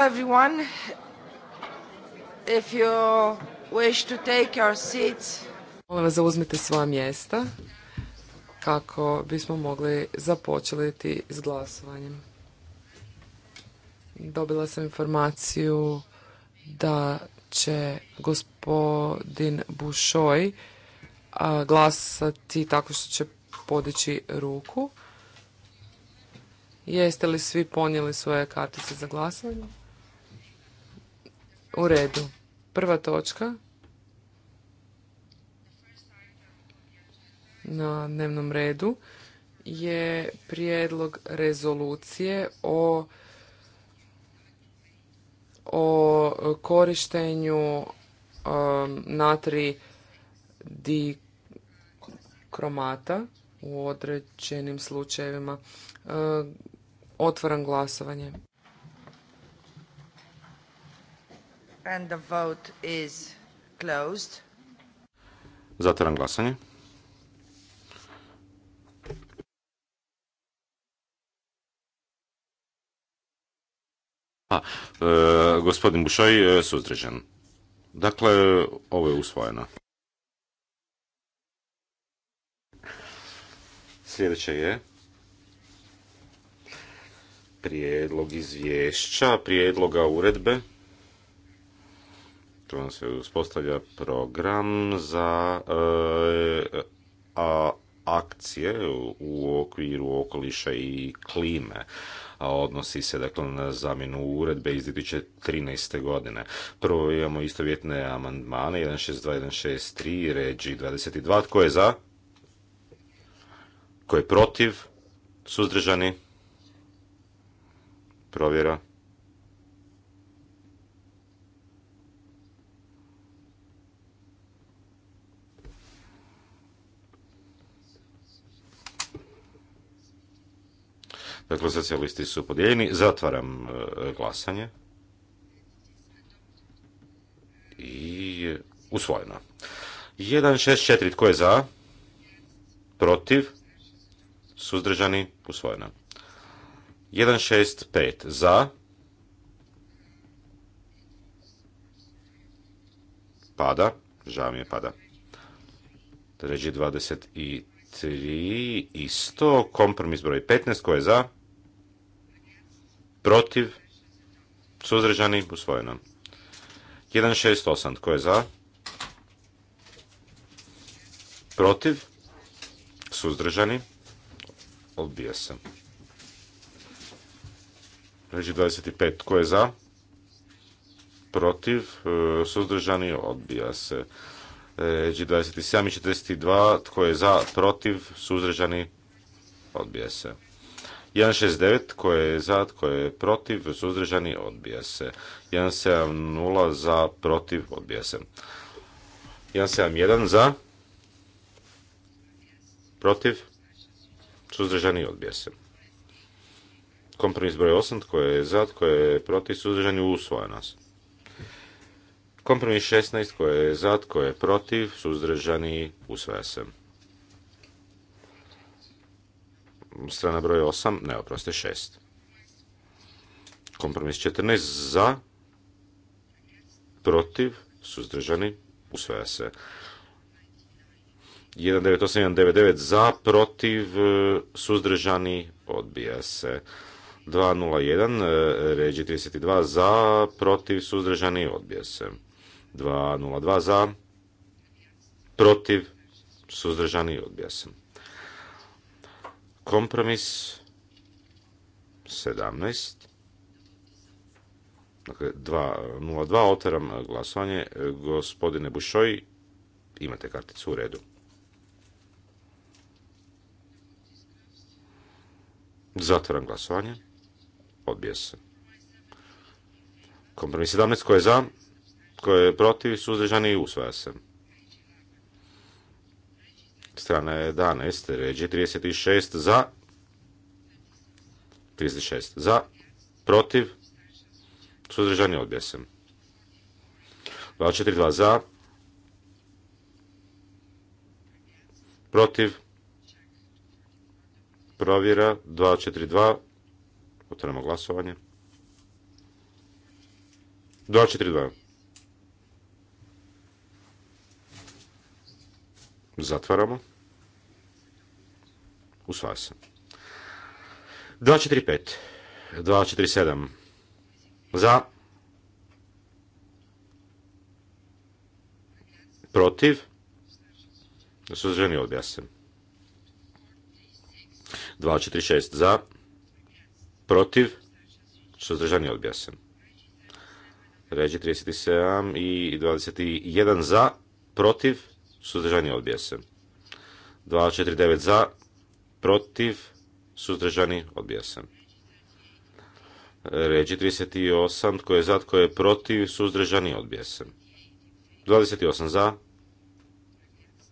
everyone. If you wish to take your seats. Molim vas zauzmite svoja mjesta kako bismo mogli započeti s glasovanjem. Dobila sam informaciju da će gospodin Bušoj glasati tako što će podići ruku. Jeste li svi ponijeli svoje kartice za glasovanje? U redu. Prva točka na dnevnom redu je prijedlog rezolucije o o korištenju um, natri kromata u određenim slučajevima. Um, glasovanje. And the vote is closed. Zatvaram glasanje. A, pa, e, gospodin Bušaj je suzdržan. Dakle, ovo je usvojeno. Sljedeće je prijedlog izvješća, prijedloga uredbe tu se uspostavlja program za e, a, akcije u okviru okoliša i klime a odnosi se dakle na zamjenu uredbe iz 2013. godine. Prvo imamo istovjetne amandmane 162, 163, ređi 22. Tko je za? Tko je protiv? Suzdržani? Provjera. Dakle, socijalisti su podijeljeni. Zatvaram e, glasanje. I usvojeno. 164. Tko je za? Protiv? Suzdržani? Usvojeno. 165. Za? Pada. Žao mi je pada. Ređi 23. Isto. Kompromis broj 15. Tko je za? protiv, suzdržani, usvojeno. 168, tko je za? Protiv, suzdržani, odbija se. Reći 25, e, tko je za? Protiv, suzdržani, odbija se. Reći 27 i 42, tko je za? Protiv, suzdržani, odbija se. 169 koje je za, koje je protiv, suzdržani, odbija se. 170 za, protiv, odbija se. 171 za, protiv, suzdržani, odbija se. Kompromis broj 8 koje je za, koje je protiv, suzdržani, usvoja nas. Kompromis 16 koje je za, koje je protiv, suzdržani, usvaja se. strana broj 8, ne, oproste 6. Kompromis 14 za, protiv, suzdržani, usvaja se. 198199 za, protiv, suzdržani, odbija se. 201, ređi 32 za, protiv, suzdržani, odbija se. 202 za, protiv, suzdržani, odbija se. Kompromis 17. Dakle, 2.02. Otvaram glasovanje. Gospodine Bušoj, imate karticu u redu. Zatvaram glasovanje. Odbija se. Kompromis 17. Ko je za? Ko je protiv? Suzdržani i usvaja se strana 11, ređe 36 za, 36 za, protiv, suzdržan je odbjesem. 242 za, protiv, provjera 242, otvorimo glasovanje. 242. Zatvaramo. Usvaja se. 245. 247. Za. Protiv. Suzdržani odbija 246. Za. Protiv. Suzdržani odbija se. Ređi 37 i 21 za, protiv, suzdržani odbija 249 za, protiv, suzdržani, odbija se. Ređi 38, tko je za, tko je protiv, suzdržani, odbija se. 28 za,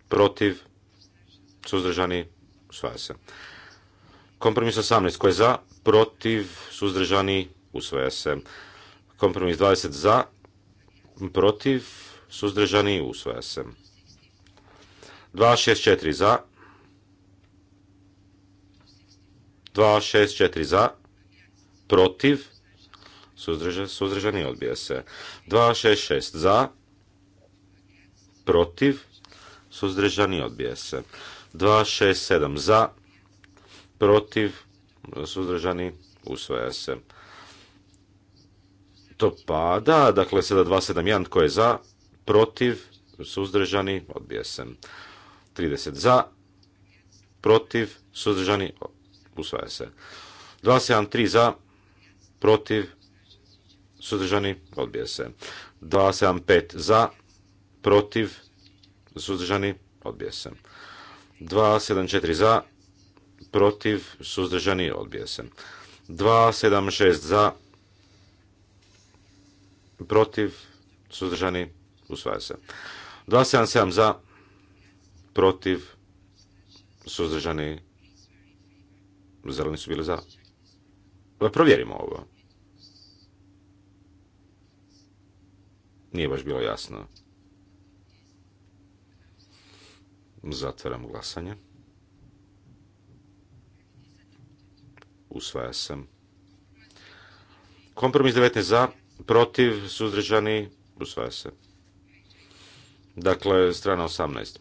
protiv, suzdržani, usvaja se. Kompromis 18, tko je za, protiv, suzdržani, usvaja se. Kompromis 20 za, protiv, suzdržani, usvaja se. 264 za, 264 za, protiv, suzdržani odbija se. 266 za, protiv, suzdržani odbija se. 267 za, protiv, suzdržani usvaja se. To pada, dakle sada 271 tko je za, protiv, suzdržani odbija se. 30 za, protiv, suzdržani usvaja se. 273 za, protiv, suzdržani, odbija se. 275 za, protiv, suzdržani, odbija se. 274 za, protiv, suzdržani, odbija se. 276 za, protiv, suzdržani, usvaja se. 277 za, protiv, suzdržani, Zeleni su bili za... Pa provjerimo ovo. Nije baš bilo jasno. Zatvaram glasanje. Usvaja se. Kompromis 19 za, protiv, suzdržani, usvaja se. Dakle, strana 18.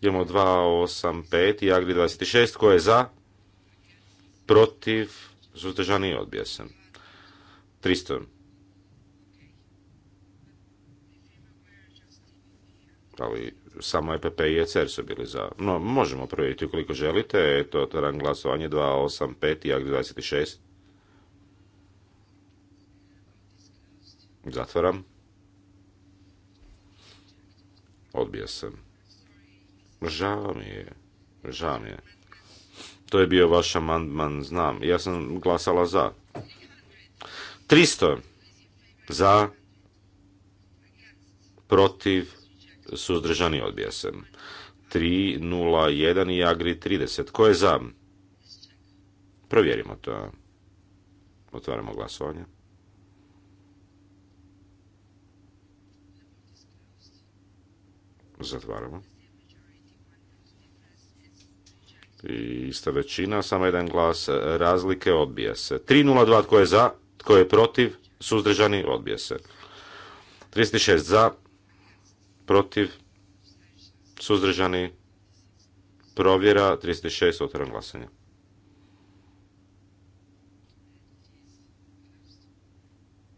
Imamo 285 i Agri 26. Ko je za? Protiv? Suzdržani odbija se. 300. Ali samo EPP i ECR su bili za. No, možemo provjeriti ukoliko želite. Eto, otvaram glasovanje 285 i Agri 26. Zatvaram. Odbija sam. Žao mi je. Žao mi je. To je bio vaš amandman, znam. Ja sam glasala za. 300 za, protiv, suzdržani odbija se. 301 i Agri 30. Ko je za? Provjerimo to. Otvaramo glasovanje. Zatvaramo. I ista većina, samo jedan glas e, razlike, odbije se. 302 tko je za, tko je protiv, suzdržani, odbije se. 36 za, protiv, suzdržani, provjera, 36, otvoren glasanje.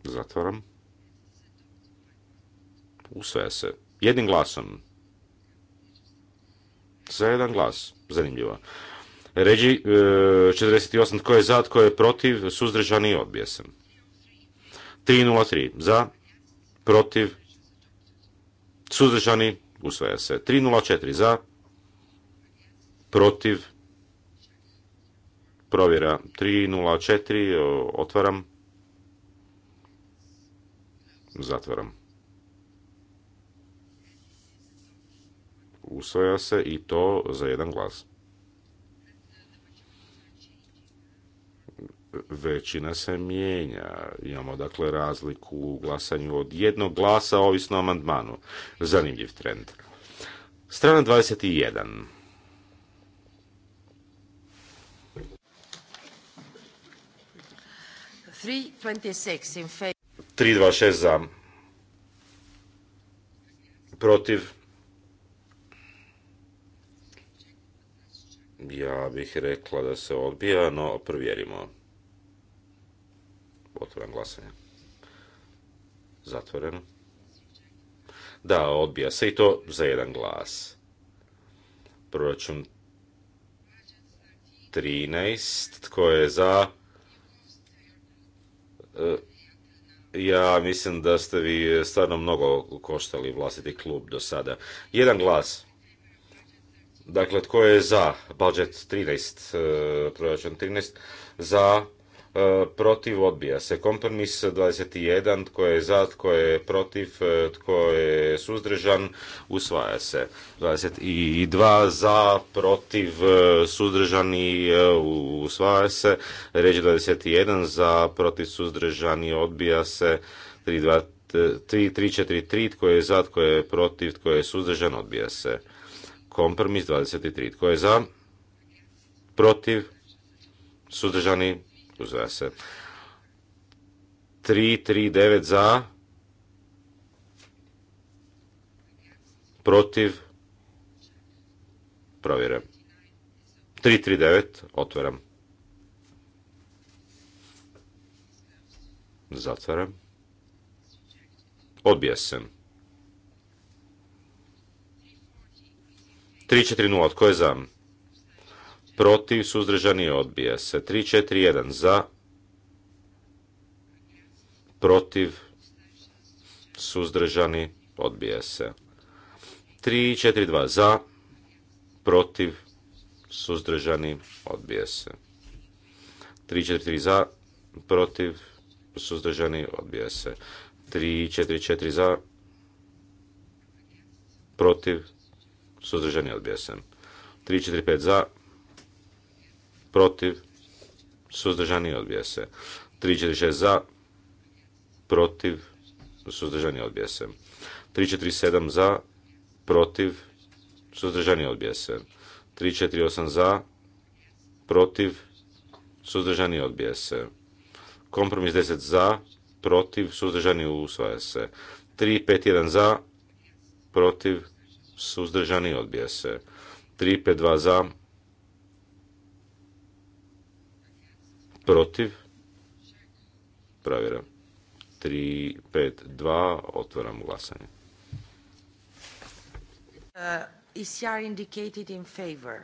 Zatvaram. Usvaja se. Jednim glasom. Za jedan glas. Zanimljivo. Ređi 48. E, tko je za, tko je protiv, suzdržani i odbije 303. Za, protiv, suzdržani, usvaja se. 304. Za, protiv, provjera. 304. Otvaram. Zatvaram. usvaja se i to za jedan glas. Većina se mijenja. Imamo dakle razliku u glasanju od jednog glasa ovisno o amandmanu. Zanimljiv trend. Strana 21. Three twenty six 326 za. Protiv. Ja bih rekla da se odbija, no provjerimo. Otvoren glasanje. Zatvoreno. Da, odbija se i to za jedan glas. Proračun 13. Tko je za? E, ja mislim da ste vi stvarno mnogo koštali vlastiti klub do sada. Jedan glas. Dakle, tko je za budžet 13, e, proračun 13, za, e, protiv, odbija se. Kompromis 21, tko je za, tko je protiv, e, tko je suzdržan, usvaja se. 22 za, protiv, suzdržani, usvaja se. Reč 21 za, protiv, suzdržani, odbija se. 3, 2, 3, 3, 4, 3, tko je za, tko je protiv, tko je suzdržan, odbija se. Kompromis 23. tko je za? Protiv? Sudržani? Uzve se. 3, 3, 9 za? Protiv? Provjerujem. 3, 3, 9. Otvoram. Zatvaram. Odbija sam. Zatvaram. 3-4-0, tko je za? Protiv, suzdržani, odbija se. 3-4-1, za? Protiv, suzdržani, odbija se. 3-4-2, za? Protiv, suzdržani, odbija se. 3-4-3, za? Protiv, suzdržani, odbija se. 3-4-4, za? Protiv, suzdržani, odbija se suzdržani, odbija 345 za, protiv, suzdržani, odbija se. 346 za, protiv, suzdržani, odbija 347 za, protiv, suzdržani, odbija se. 348 za, protiv, suzdržani, od Kompromis 10 za, protiv, suzdržani, usvaja se. 351 za, protiv, suzdržani, odbija se. 352 za, protiv, provjeram. 352, otvaram glasanje. Uh, ECR indicated in favor.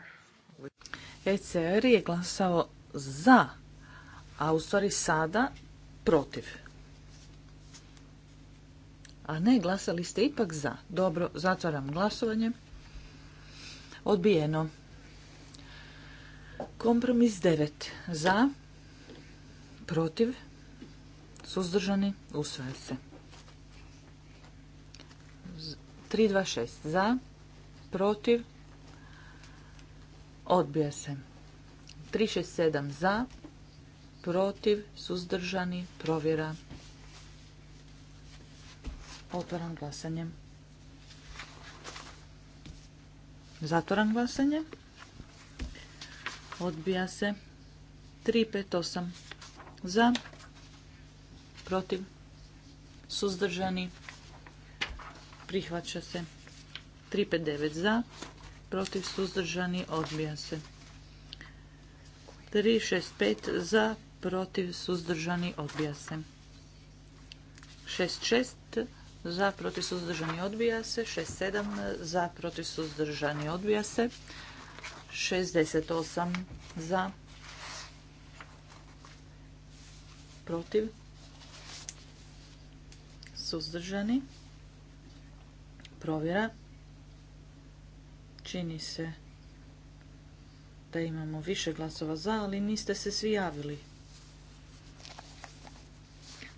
ECR je glasao za, a u stvari sada protiv. A ne, glasali ste ipak za. Dobro, zatvaram glasovanje. Odbijeno. Kompromis 9. Za, protiv, suzdržani, usvaja se. 326. Za, protiv, odbija se. 367. Za, protiv, suzdržani, provjera, Otvaram glasanje. Zatvoram glasanje. Odbija se. 358 za, protiv, suzdržani, prihvaća se. 359 za, protiv, suzdržani, odbija se. 365 za, protiv, suzdržani, odbija se. 66 za protiv suzdržani odbija se, 67 za protiv suzdržani odbija se, 68 za protiv suzdržani provjera čini se da imamo više glasova za, ali niste se svi javili.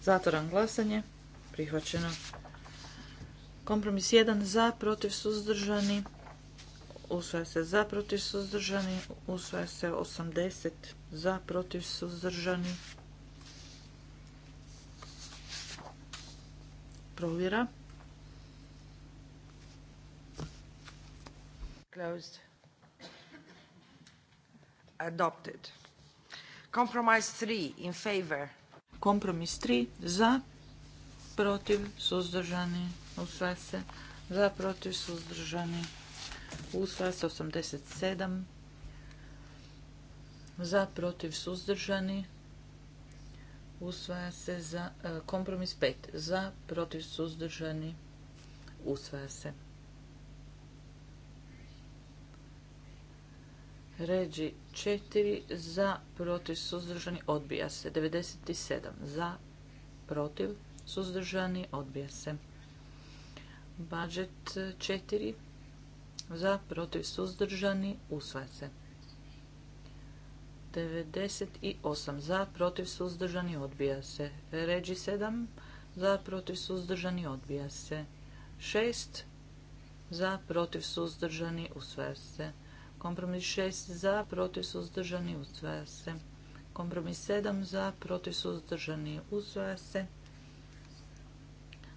Zatvaram glasanje. Prihvaćeno. Kompromis 1 za, protiv suzdržani, usvaja se za, protiv suzdržani, usvaja se 80 za, protiv suzdržani. Provjera. Closed. Adopted. Compromise 3 in favor. Kompromis 3 za, protiv, suzdržani, usvaja se. Za, protiv, suzdržani, usvaja se. 87. Za, protiv, suzdržani, usvaja se. Za, e, kompromis 5. Za, protiv, suzdržani, usvaja se. Ređi 4 za, protiv, suzdržani, odbija se. 97 za, protiv, suzdržani, odbija se. Budžet 4 za, protiv, suzdržani, usvaja se. 98 za, protiv, suzdržani, odbija se. Ređi 7 za, protiv, suzdržani, odbija se. 6 za, protiv, suzdržani, usvaja se. Kompromis 6 za, protiv, suzdržani, usvaja se. Kompromis 7 za, protiv, suzdržani, usvaja se.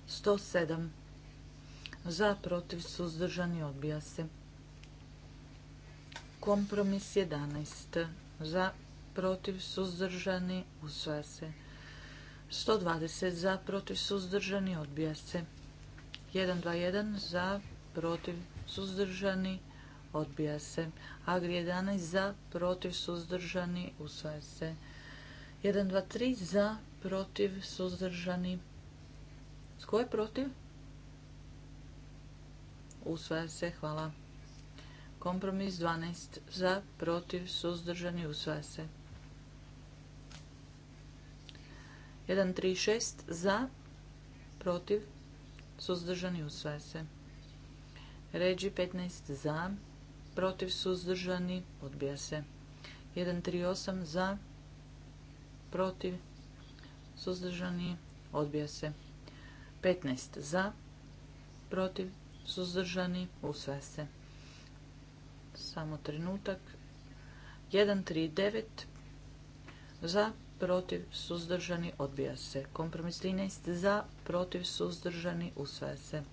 107 za, protiv, suzdržani, odbija se. Kompromis 11 za, protiv, suzdržani, usvaja se. 120 za, protiv, suzdržani, odbija se. 121 za, protiv, suzdržani, odbija se. Agri 11 za, protiv, suzdržani, usvaja se. 123 za, protiv, suzdržani, tko je protiv? Usvaja se. Hvala. Kompromis 12. Za, protiv, suzdržani, usvaja se. 136. Za, protiv, suzdržani, usvaja se. Ređi 15. Za, protiv, suzdržani, odbija se. 138. Za, protiv, suzdržani, odbija se. 15 za, protiv, suzdržani, usvaja se. Samo trenutak. 139 za, protiv, suzdržani, odbija se. Kompromis 13 za, protiv, suzdržani, usvaja se.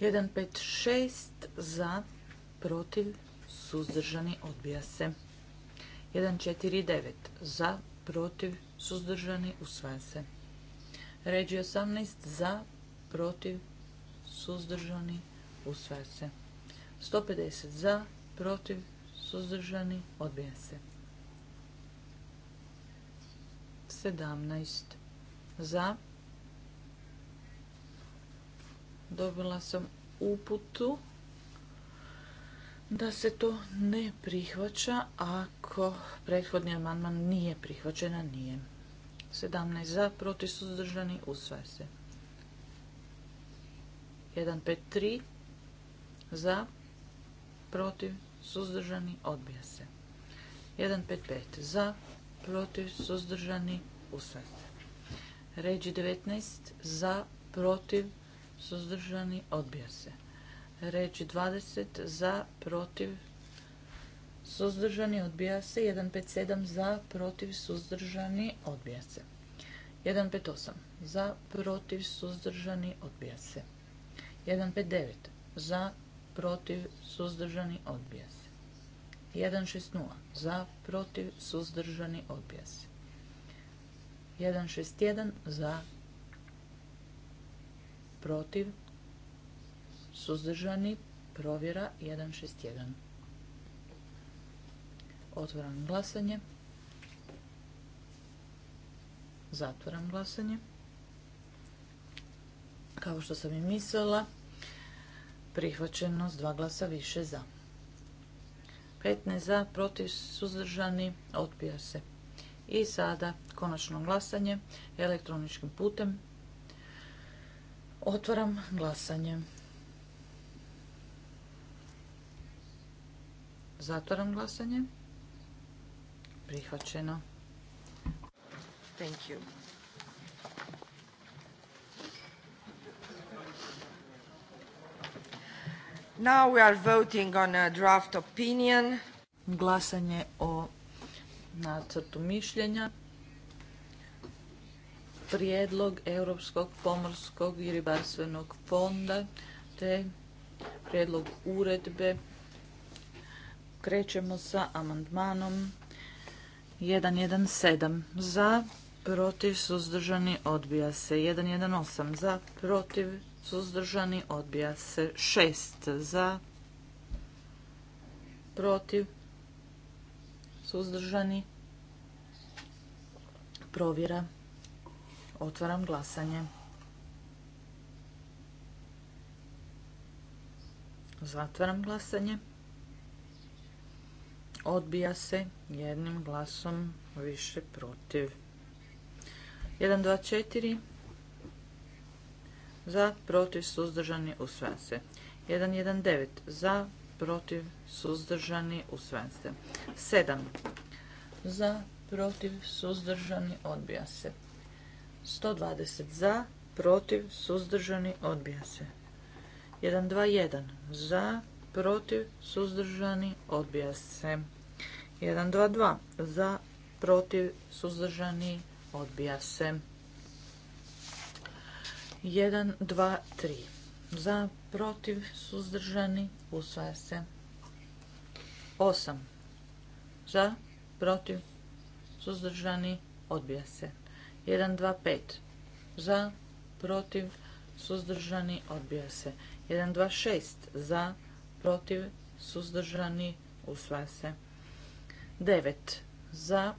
156 za, protiv, suzdržani, odbija se. 149 za, protiv, suzdržani, usvaja se. Ređi 18 za, protiv, suzdržani, usvaja se. 150 za, protiv, suzdržani, odbija se. 17 za. Dobila sam uputu da se to ne prihvaća ako prethodni amandman nije prihvaćena, nije. 17 za, protiv suzdržani, usvaja se. 153 za, protiv suzdržani, odbija se. 155 za, protiv suzdržani, usvaja se. Ređi 19 za, protiv suzdržani, odbija se. Ređi 20 za, protiv suzdržani, odbija se. 157 za, protiv, suzdržani, odbija se. 158 za, protiv, suzdržani, odbija se. 159 za, protiv, suzdržani, odbija se. 160 za, protiv, suzdržani, odbija se. 161 za, protiv, suzdržani, provjera 161. Otvaram glasanje. Zatvaram glasanje. Kao što sam i mislila, prihvaćeno s dva glasa više za. 15 za, protiv, suzdržani, odbija se. I sada konačno glasanje elektroničkim putem. Otvaram glasanje. Zatvaram glasanje. Prihvaćeno. Thank you. Now we are voting on a draft opinion. Glasanje o nacrtu mišljenja. Prijedlog Europskog pomorskog i ribarstvenog fonda te prijedlog uredbe. Krećemo sa amandmanom 117 za, protiv, suzdržani, odbija se. 118 za, protiv, suzdržani, odbija se. 6 za, protiv, suzdržani, provjera. Otvaram glasanje. Zatvaram glasanje. Odbija se jednim glasom više protiv. 1, Za, protiv, suzdržani, usvaja se. 1, Za, protiv, suzdržani, usvaja se. 7. Za, protiv, suzdržani, odbija se. 120. Za, protiv, suzdržani, odbija se. 1, Za, protiv, suzdržani, odbija se. 1, 2. za, protiv, suzdržani, odbija se. 1, 2, 3. Za, protiv, suzdržani, usvaja se. 8. Za, protiv, suzdržani, odbija se. 1, 2, 5. Za, protiv, suzdržani, odbija se. 1, 2, 6. Za, protiv, suzdržani, usvaja se. 9 za,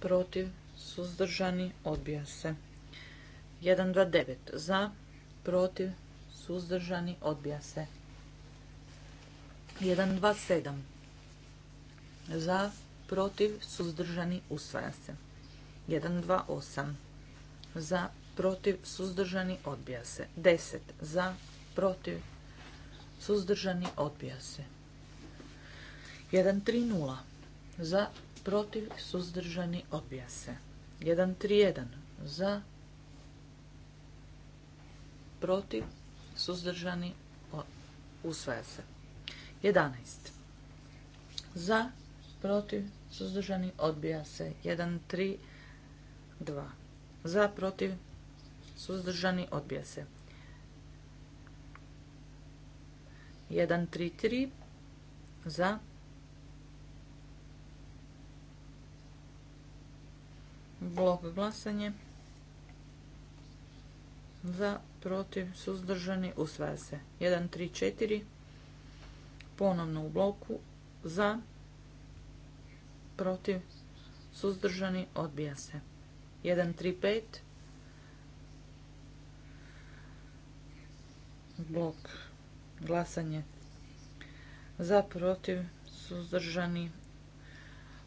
protiv, suzdržani, odbija se. 129 za, protiv, suzdržani, odbija se. 127 za, protiv, suzdržani, usvaja se. 128 za, protiv, suzdržani, odbija se. 10 za, protiv, suzdržani, odbija se. 130 za, protiv, suzdržani, odbija se. 131 za, protiv, suzdržani, usvaja se. 11 za, protiv, suzdržani, odbija se. 1, 2. za, protiv, suzdržani, odbija se. 1, 3. za, blok glasanje za, protiv, suzdržani, usvaja se. 1, 3, 4, ponovno u bloku, za, protiv, suzdržani, odbija se. 1, 3, 5, blok, glasanje, za, protiv, suzdržani,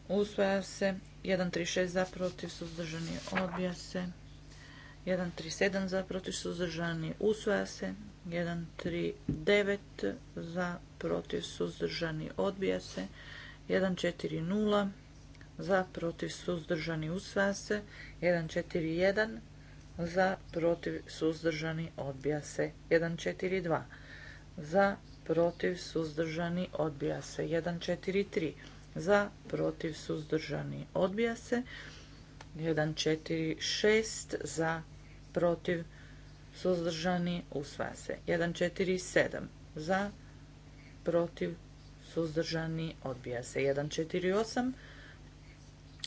usvaja se. 136 za protiv suzdržani odbija se. 137 za protiv suzdržani usvaja se. 139 za protiv suzdržani odbija se. 140 za protiv suzdržani usvaja se. 141 za protiv suzdržani odbija se. 142 za protiv suzdržani odbija se. 143 za, protiv, suzdržani, odbija se. 1, 4, 6 za, protiv, suzdržani, usvaja se. 1, 4, 7 za, protiv, suzdržani, odbija se. 1, 4, 8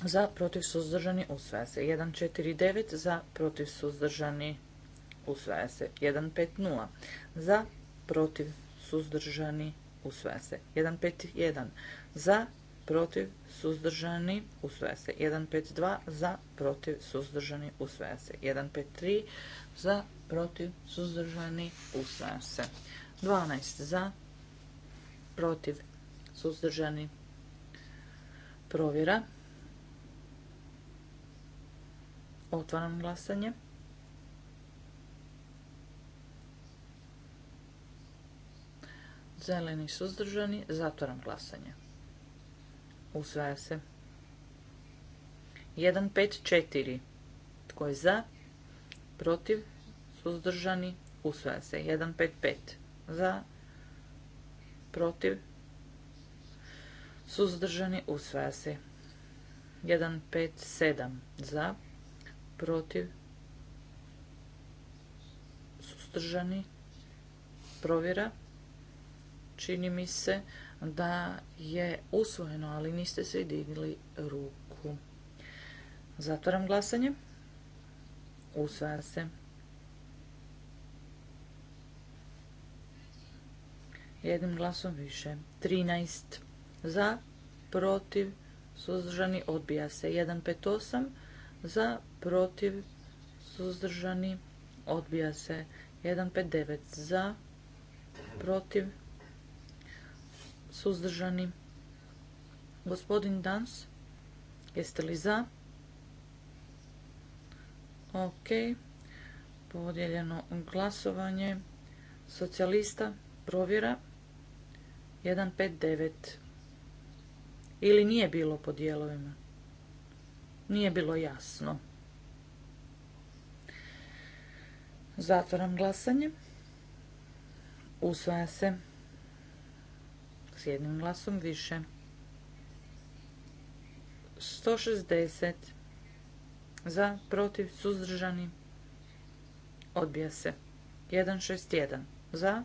za, protiv, suzdržani, usvaja se. 1, 4, 9 za, protiv, suzdržani, usvaja se. 1, 5, 0 za, protiv, suzdržani, usvaja se. 1, 5, 1 za, protiv, suzdržani, usvaja se protiv, suzdržani, usvaja se. 152 za, protiv, suzdržani, usvaja se. 153 za, protiv, suzdržani, usvaja se. 12 za, protiv, suzdržani, provjera. Otvaram glasanje. Zeleni suzdržani, zatvoram glasanje. Usvaja se. 154. Tko je za? Protiv? Suzdržani? Usvaja se. 155. Za? Protiv? Suzdržani? Usvaja se. 157. Za? Protiv? Suzdržani? Provjera. Čini mi se da je usvojeno, ali niste svi digli ruku. Zatvaram glasanje. Usvaja se. Jednim glasom više. 13 za, protiv, suzdržani, odbija se. 158 za, protiv, suzdržani, odbija se. 159 za, protiv, suzdržani. Gospodin Dans, jeste li za? Ok, podijeljeno glasovanje socijalista, provjera 159. Ili nije bilo po dijelovima? Nije bilo jasno. Zatvaram glasanje. Usvaja se s jednim glasom više. 160 za, protiv, suzdržani, odbija se. 161 za,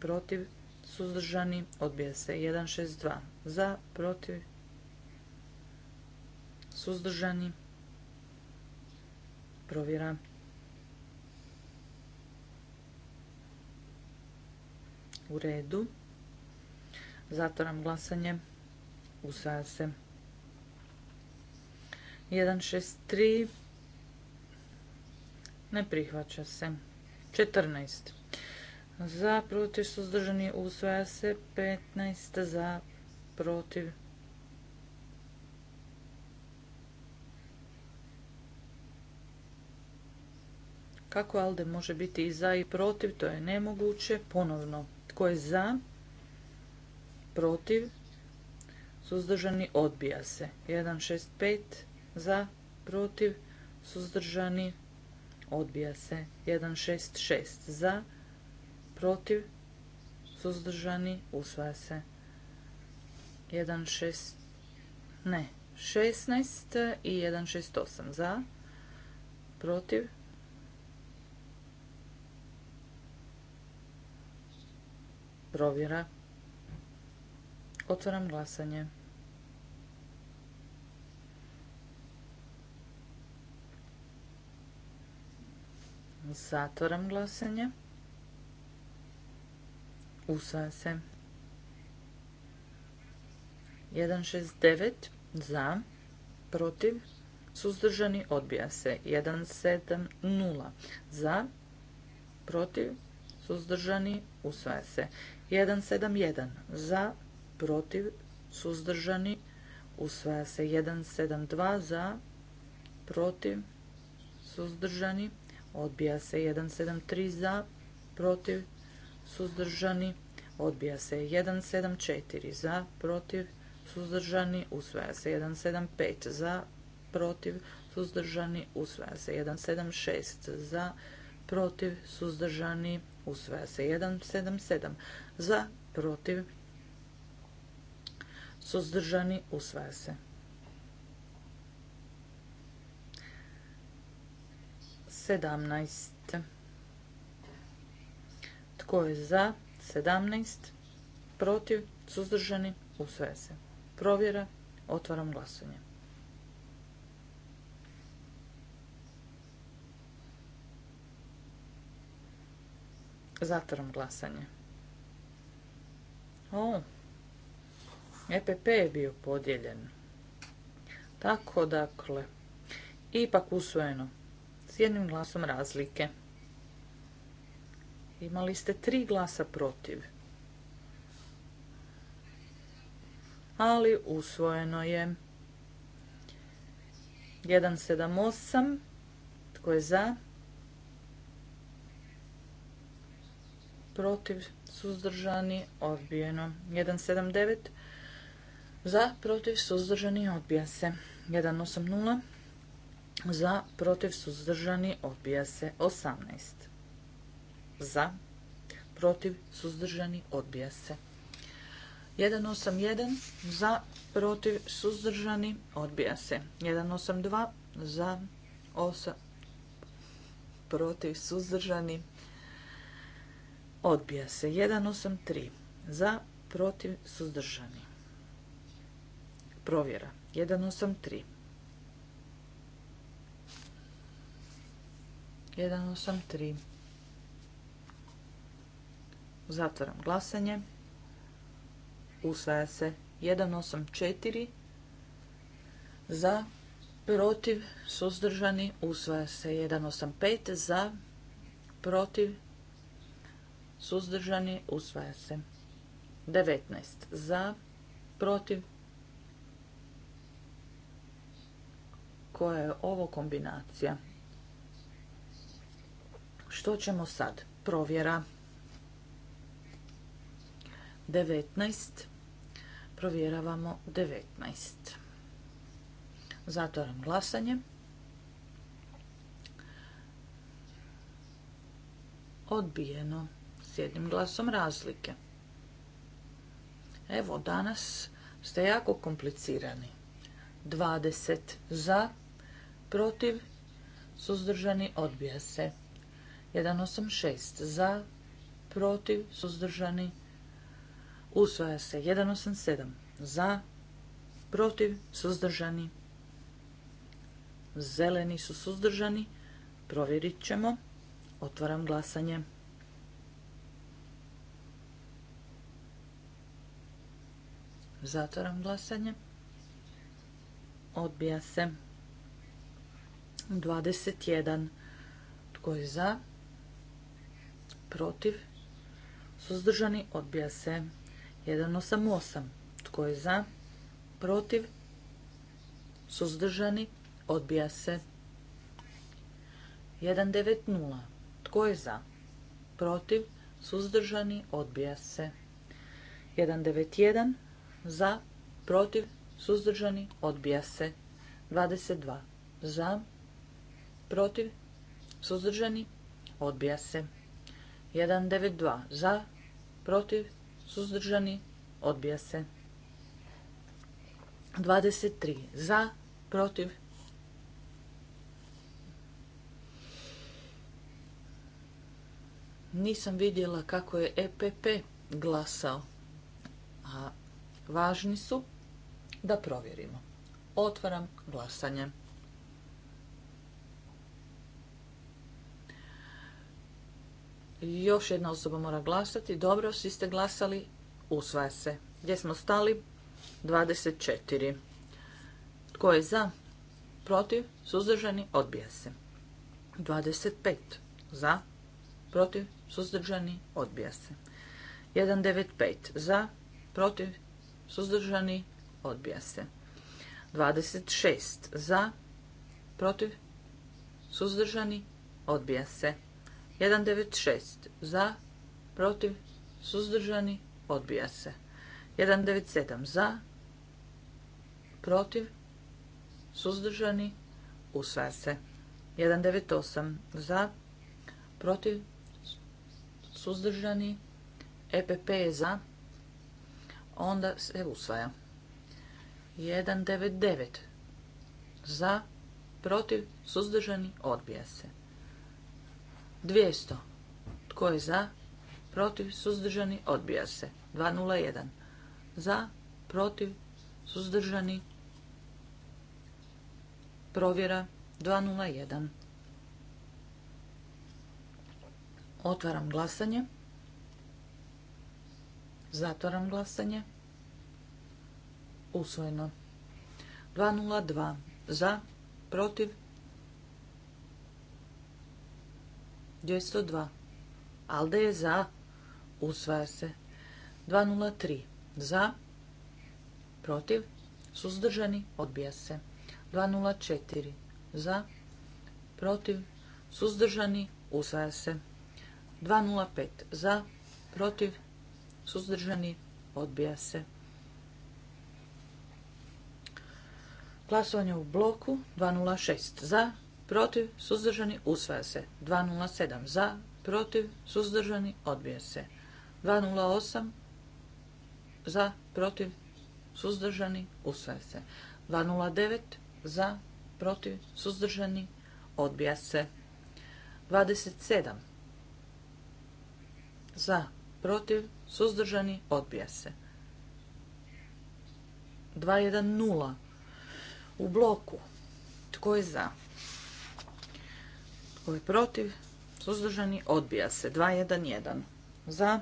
protiv, suzdržani, odbija se. 162 za, protiv, suzdržani, provjera. U redu. Zatvaram glasanje. Usvaja se. 163. Ne prihvaća se. 14. Za, protiv, suzdržani, usvaja se. 15. Za, protiv. Kako Alde može biti i za i protiv, to je nemoguće. Ponovno, tko je za? protiv, suzdržani, odbija se. 165 za, protiv, suzdržani, odbija se. 166 za, protiv, suzdržani, usvaja se. 1.6, ne, 16 i 1.6.8 za, protiv, provjera. Otvaram glasanje. Zatvaram glasanje. Usvaja se. 169 za, protiv, suzdržani, odbija se. 170 za, protiv, suzdržani, usvaja se. 171 za, protiv, suzdržani, usvaja se 172 za, protiv, suzdržani, odbija se 173 za, protiv, suzdržani, odbija se 174 za, protiv, suzdržani, usvaja se 175 za, protiv, suzdržani, usvaja se 176 za, protiv, suzdržani, usvaja se 177 za, protiv, suzdržani, usvaja se. 17. Tko je za? 17. Protiv? Suzdržani? Usvaja se. Provjera. Otvaram glasanje. Zatvaram glasanje. O, EPP je bio podijeljen. Tako, dakle, ipak usvojeno. S jednim glasom razlike. Imali ste tri glasa protiv. Ali usvojeno je. 178. Tko je za? Protiv, suzdržani, odbijeno. 179 za, protiv, suzdržani, odbija se. 180 za, protiv, suzdržani, odbija se. 18 za, protiv, suzdržani, odbija se. 181 za, protiv, suzdržani, odbija se. 182 za, osa, protiv, suzdržani, odbija se. 183 za, protiv, suzdržani, Provjera. 183. 183. Zatvaram glasanje. Usvaja se 184. Za, protiv, suzdržani. Usvaja se 185. Za, protiv, suzdržani. Usvaja se 19. Za, protiv, koja je ovo kombinacija. Što ćemo sad? Provjera. 19. Provjeravamo 19. Zatvaram glasanje. Odbijeno s jednim glasom razlike. Evo, danas ste jako komplicirani. 20 za, protiv, suzdržani, odbija se. 186 za, protiv, suzdržani, usvaja se. 187 za, protiv, suzdržani, zeleni su suzdržani, provjerit ćemo. Otvaram glasanje. Zatvaram glasanje. Odbija se. 21. Tko je za? Protiv? Suzdržani? Odbija se. 188. Tko je za? Protiv? Suzdržani? Odbija se. 190. Tko je za? Protiv? Suzdržani? Odbija se. 191. Za? Protiv? Suzdržani? Odbija se. 22. Za? protiv, suzdržani, odbija se. 192 za, protiv, suzdržani, odbija se. 23 za, protiv, Nisam vidjela kako je EPP glasao, a važni su da provjerimo. Otvaram glasanje. Još jedna osoba mora glasati. Dobro, svi ste glasali. Usvaja se. Gdje smo stali? 24. Tko je za? Protiv? Suzdržani? Odbija se. 25. Za? Protiv? Suzdržani? Odbija se. 195. Za? Protiv? Suzdržani? Odbija se. 26. Za? Protiv? Suzdržani? Odbija se. 196 za, protiv, suzdržani, odbija se. 197 za, protiv, suzdržani, usvaja se. 198 za, protiv, suzdržani, EPP je za, onda se usvaja. 199 za, protiv, suzdržani, odbija se. 200. Tko je za? Protiv? Suzdržani? Odbija se. 201. Za? Protiv? Suzdržani? Provjera 201. Otvaram glasanje. Zatvaram glasanje. Usvojeno. 202. Za? Protiv? 202. Alde je za. Usvaja se. 203. Za. Protiv. Suzdržani. Odbija se. 204. Za. Protiv. Suzdržani. Usvaja se. 205. Za. Protiv. Suzdržani. Odbija se. Glasovanje u bloku 206 za, protiv, suzdržani, usvaja se. 207 za, protiv, suzdržani, odbija se. 208 za, protiv, suzdržani, usvaja se. 209 za, protiv, suzdržani, odbija se. 27 za, protiv, suzdržani, odbija se. 210 u bloku. Tko je za? Tko je protiv? Suzdržani odbija se. 1. Za.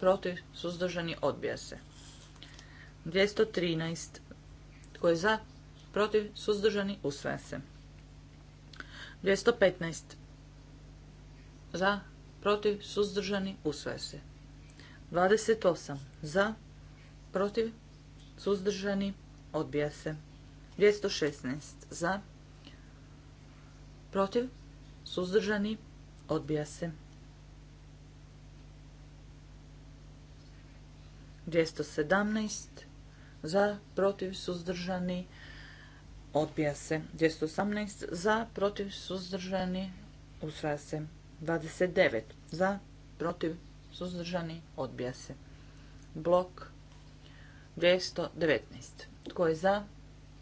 Protiv. Suzdržani odbija se. 213. Tko je za? Protiv. Suzdržani Usve se. 215. Za. Protiv. Suzdržani Usve se. 28. Za. Protiv. Suzdržani odbija se. 216. Za. Protiv suzdržani, odbija se. 217 za, protiv, suzdržani, odbija se. 218 za, protiv, suzdržani, usvaja se. 29 za, protiv, suzdržani, odbija se. Blok 219. Tko je za,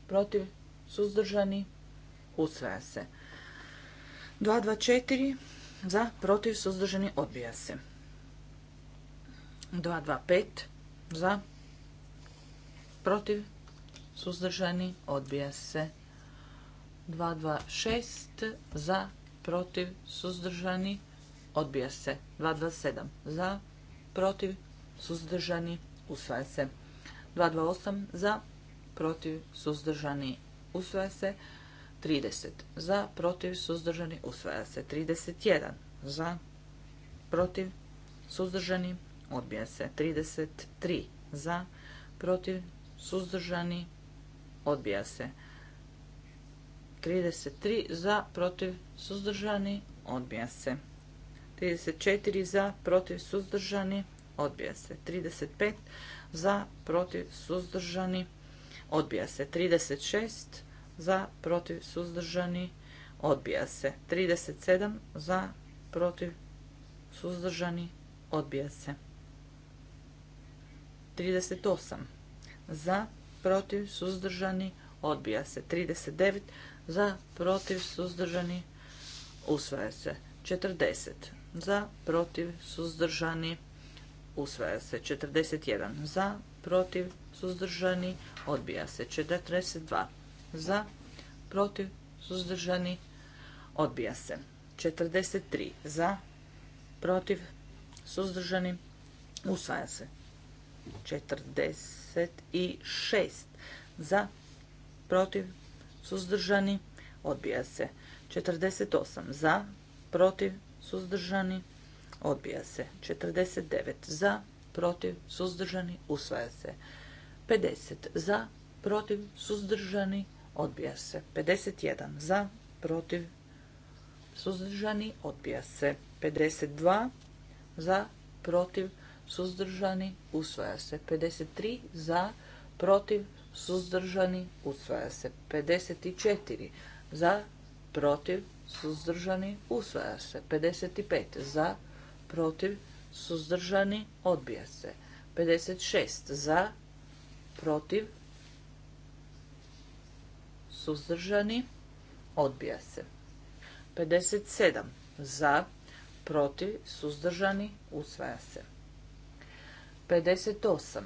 protiv, suzdržani, usvaja se. 224 za, protiv, suzdržani, odbija se. 225 za, protiv, suzdržani, odbija se. 226 za, protiv, suzdržani, odbija se. 227 za, protiv, suzdržani, usvaja se. 228 za, protiv, suzdržani, usvaja se. 30 za, protiv, suzdržani, usvaja se. 31 za, protiv, suzdržani, odbija se. 33 za, protiv, suzdržani, odbija se. 33 za, protiv, suzdržani, odbija se. 34 za, protiv, suzdržani, odbija se. 35 za, protiv, suzdržani, odbija se. 36 za, protiv, suzdržani, odbija se. 37 za, protiv, suzdržani, odbija se. 38 za, protiv, suzdržani, odbija se. 39 za, protiv, suzdržani, usvaja se. 40 za, protiv, suzdržani, usvaja se. 41 za, protiv, suzdržani, odbija se. 42 za, protiv, suzdržani, odbija se. 43 za, protiv, suzdržani, usvaja se. 46 za, protiv, suzdržani, odbija se. 48 za, protiv, suzdržani, odbija se. 49 za, protiv, suzdržani, usvaja se. 50 za, protiv, suzdržani, odbija se. 51 za, protiv, suzdržani, odbija se. 52 za, protiv, suzdržani, usvaja se. 53 za, protiv, suzdržani, usvaja se. 54 za, protiv, suzdržani, usvaja se. 55 za, protiv, suzdržani, odbija se. 56 za, protiv, suzdržani, odbija se. 57 za, protiv, suzdržani, usvaja se. 58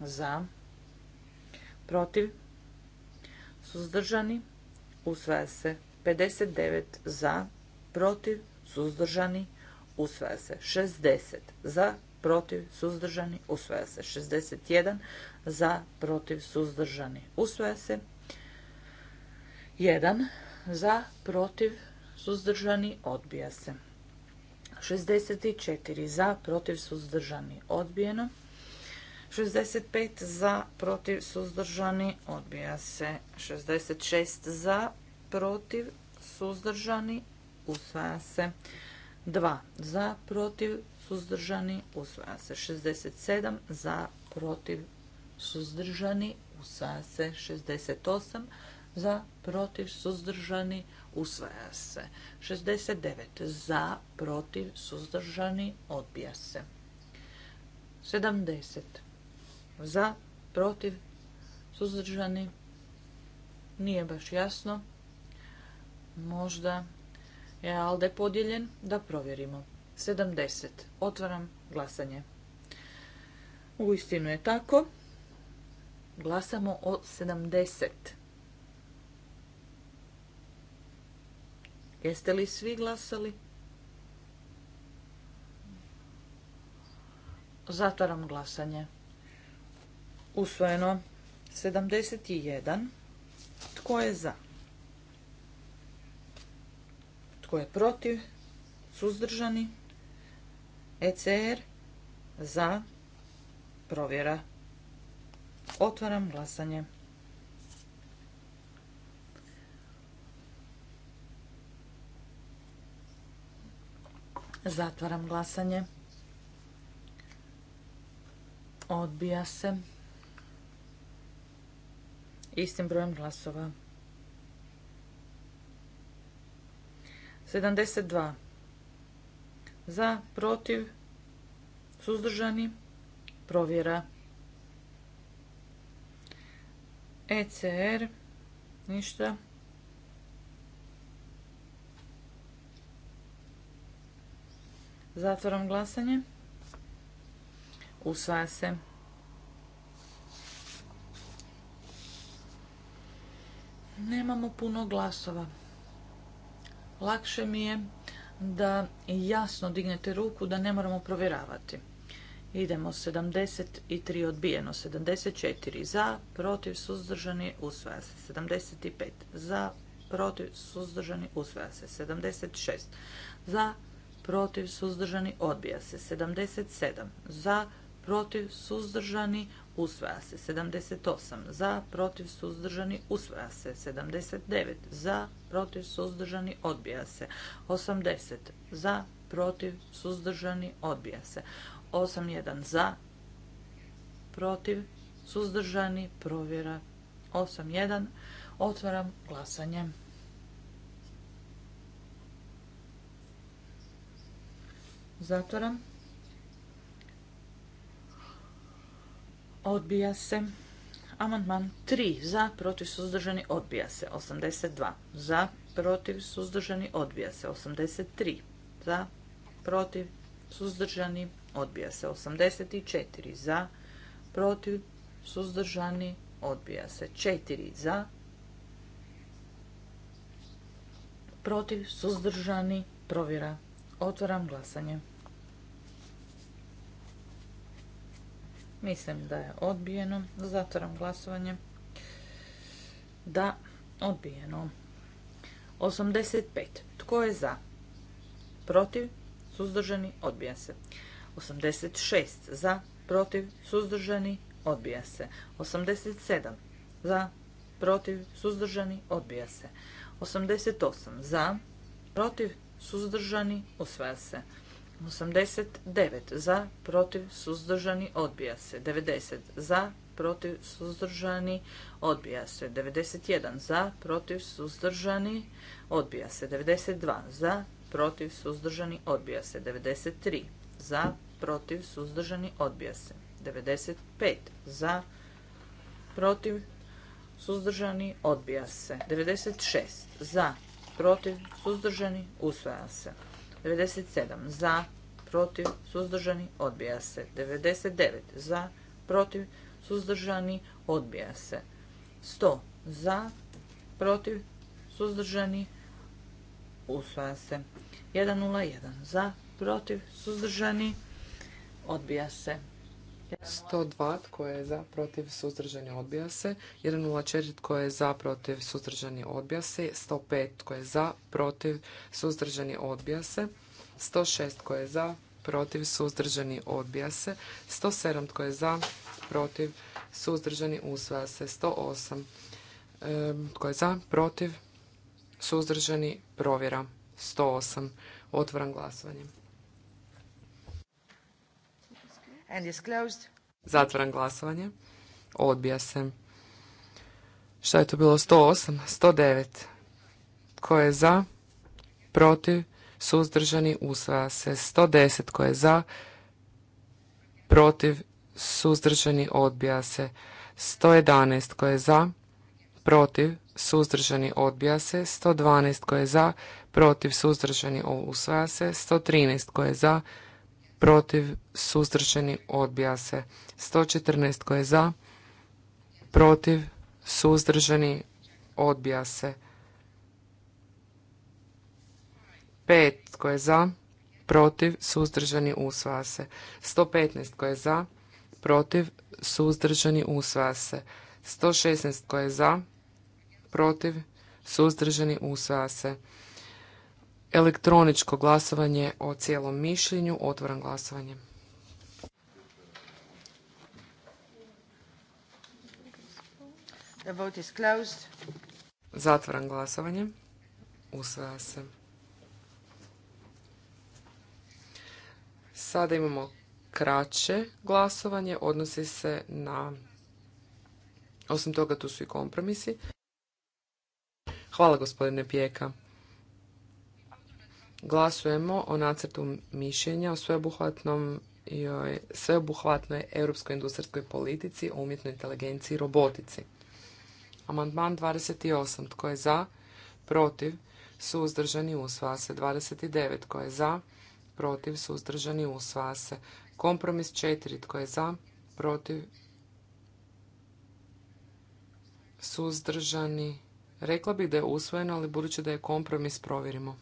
za, protiv, suzdržani, usvaja se. 59 za, protiv, suzdržani, usvaja se. 60 za, protiv, suzdržani, usvaja se. 61 za, protiv, suzdržani, usvaja se. 1 za, protiv, suzdržani, odbija se. 64 za, protiv, suzdržani, odbijeno. 65 za, protiv, suzdržani, odbija se. 66 za, protiv, suzdržani, usvaja se. 2 za, protiv, suzdržani, usvaja se. 67 za, protiv, suzdržani, usvaja se. 68 za, protiv, suzdržani, usvaja se. 69 za, protiv, suzdržani, odbija se. 70 za, protiv, suzdržani, nije baš jasno. Možda je ALDE podijeljen, da provjerimo. 70. Otvaram glasanje. istinu je tako. Glasamo o 70. Jeste li svi glasali? Zatvaram glasanje. Usvojeno 71. Tko je za? Tko je protiv? Suzdržani? ECR? Za? Provjera. Otvaram glasanje. Zatvaram glasanje. Odbija se. Istim brojem glasova. 72. Za, protiv, suzdržani, provjera. ECR, er, ništa. Zatvorom glasanje. Usvaja se. Nemamo puno glasova. Lakše mi je da jasno dignete ruku, da ne moramo provjeravati. Idemo 73 odbijeno, 74 za, protiv, suzdržani, usvaja se. 75 za, protiv, suzdržani, usvaja se. 76 za, protiv, suzdržani, odbija se. 77 za, protiv, suzdržani, usvaja se. 78 za, protiv, suzdržani, usvaja se. 79 za, protiv, suzdržani, odbija se. 80 za, protiv, suzdržani, odbija se. 81 za, protiv, suzdržani, provjera. 81 otvaram glasanje. Zatvoram. Odbija se. Amandman 3. Za, protiv, suzdržani, odbija se. 82. Za, protiv, suzdržani, odbija se. 83. Za, protiv, suzdržani, odbija se. 84. Za, protiv, suzdržani, odbija se. 4. Za, protiv, suzdržani, provjera. Otvaram glasanje. Mislim da je odbijeno. Zatvaram glasovanje. Da, odbijeno. 85. Tko je za? Protiv? Suzdržani? Odbija se. 86. Za? Protiv? Suzdržani? Odbija se. 87. Za? Protiv? Suzdržani? Odbija se. 88. Za? Protiv? suzdržani, usvaja se. 89 za, protiv, suzdržani, odbija se. 90 za, protiv, suzdržani, odbija se. 91 za, protiv, suzdržani, odbija se. 92 za, protiv, suzdržani, odbija se. 93 za, protiv, suzdržani, odbija se. 95 za, protiv, suzdržani, odbija se. 96 za, protiv, suzdržani, usvaja se. 97 za, protiv, suzdržani, odbija se. 99 za, protiv, suzdržani, odbija se. 100 za, protiv, suzdržani, usvaja se. 101 za, protiv, suzdržani, odbija se. 102 tko je za protiv suzdržani odbija se. 104 tko je za protiv suzdržani odbija se. 105 tko je za protiv suzdržani odbija se. 106 tko je za protiv suzdržani odbija se. 107 tko je za protiv suzdržani usvaja se. 108 tko je za protiv suzdržani provjera. 108 otvaram glasovanje. Zatvaram glasovanje. Odbija se. Šta je to bilo? 108, 109. Ko je za? Protiv? Suzdržani? Usvaja se. 110. Ko je za? Protiv? Suzdržani? Odbija se. 111. Ko je za? Protiv? Suzdržani? Odbija se. 112. Ko je za? Protiv? Suzdržani? Usvaja se. 113. Ko je za? Protiv? protiv, suzdržani, odbija se. 114 tko je za, protiv, suzdržani, odbija se. 5 tko je za, protiv, suzdržani, usvaja se. 115 tko je za, protiv, suzdržani, usvaja se. 116 tko je za, protiv, suzdržani, usvaja se. Elektroničko glasovanje o cijelom mišljenju. Otvoram glasovanje. The Zatvaram glasovanje. Usvaja se. Sada imamo kraće glasovanje. Odnosi se na... Osim toga tu su i kompromisi. Hvala gospodine Pijeka. Glasujemo o nacrtu mišljenja o sveobuhvatnom sveobuhvatnoj europskoj industrijskoj politici o umjetnoj inteligenciji i robotici. Amandman 28. Tko je za? Protiv? Suzdržani u se. 29. Tko je za? Protiv? Suzdržani usvaja se. Kompromis 4. Tko je za? Protiv? Suzdržani. Rekla bih da je usvojeno, ali budući da je kompromis, provjerimo.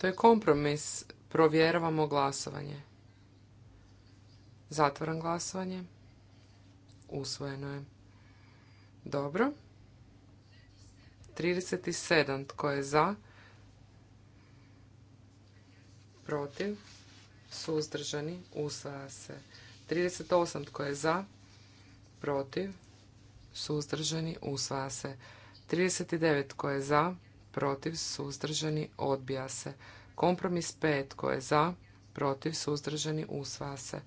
To je kompromis. Provjeravamo glasovanje. Zatvaram glasovanje. Usvojeno je. Dobro. 37. Tko je za? Protiv? Suzdržani? Usvaja se. 38. Tko je za? Protiv? Suzdržani? Usvaja se. 39. Tko je za? protiv, suzdržani, odbija se. Kompromis 5 tko je za, protiv, suzdržani, usvaja se.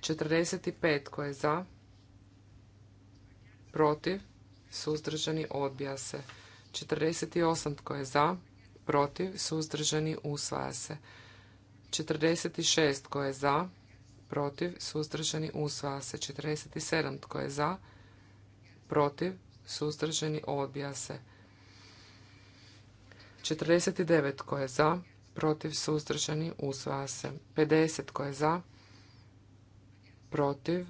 45 tko je za, protiv, suzdržani, odbija se. 48 tko je za, protiv, suzdržani, usvaja se. 46 tko je za, protiv, suzdržani, usvaja se. 47 tko je za, protiv, suzdržani, odbija se. 49 koje je za, protiv, suzdržani, usvaja se. 50 koje je za, protiv,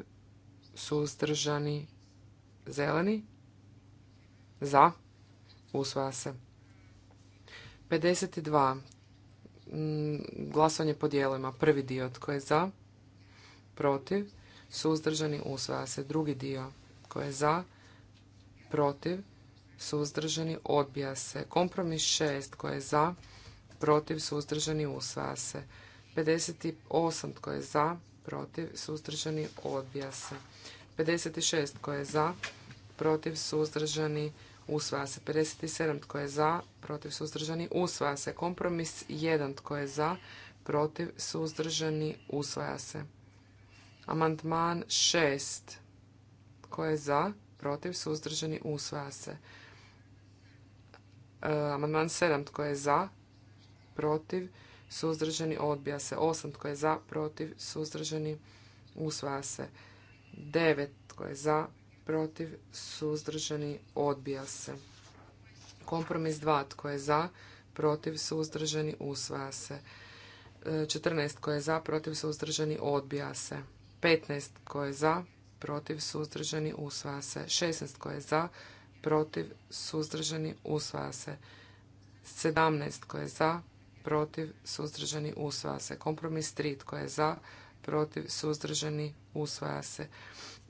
suzdržani, zeleni, za, usvaja se. 52 mm, glasovanje po dijelima. Prvi dio tko je za, protiv, suzdržani, usvaja se. Drugi dio tko je za, protiv, suzdržani, odbija se. Kompromis 6 tko je za, protiv, suzdržani, usvaja se. 58 tko je za, protiv, suzdržani, odbija se. 56 tko je za, protiv, suzdržani, usvaja se. 57 tko je za, protiv, suzdržani, usvaja se. Kompromis 1 tko je za, protiv, suzdržani, usvaja se. Amandman 6 tko je za, protiv, suzdržani, usvaja se. Eh, amandman 7. Tko je za? Protiv? Suzdržani? Odbija se. 8. Tko je za? Protiv? Suzdržani? Usvaja se. 9. Tko je za? Protiv? Suzdržani? Odbija se. Kompromis 2. Tko je za? Protiv? Suzdržani? Usvaja se. 14. Eh, tko je za? Protiv? Suzdržani? Odbija se. 15. Tko je za? Protiv? Suzdržani? Usvaja se. 16. Tko je za? protiv, suzdržani, usvaja se. 17 tko je za, protiv, suzdržani, usvaja se. Kompromis 3 tko je za, protiv, suzdržani, usvaja se.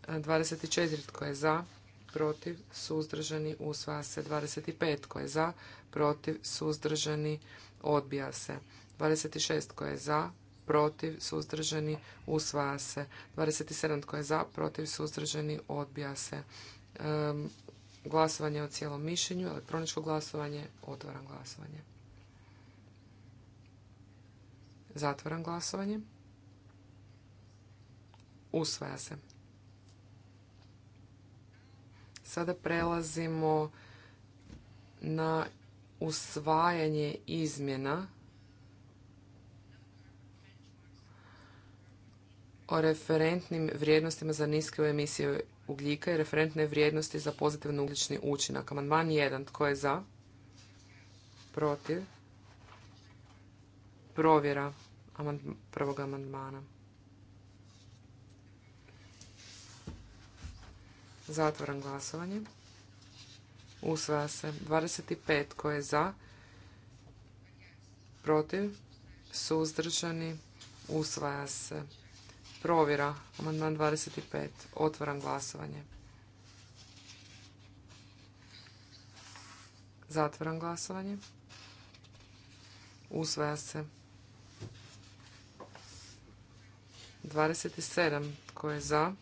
24 tko je za, protiv, suzdržani, usvaja se. 25 tko je za, protiv, suzdržani, odbija se. 26 tko je za, protiv, suzdržani, usvaja se. 27 tko je za, protiv, suzdržani, odbija se. Glasovanje o cijelom mišljenju, elektroničko glasovanje, otvaram glasovanje. Zatvaram glasovanje. Usvaja se. Sada prelazimo na usvajanje izmjena o referentnim vrijednostima za niske emisiju ugljika i referentne vrijednosti za pozitivni ugljični učinak. Amandman 1. Tko je za? Protiv? Provjera prvog amandmana. Zatvaram glasovanje. Usvaja se. 25. Tko je za? Protiv? Suzdržani? Usvaja se. Provjera. Amandman 25. Otvaram glasovanje. Zatvaram glasovanje. Usvaja se. 27. Tko je za?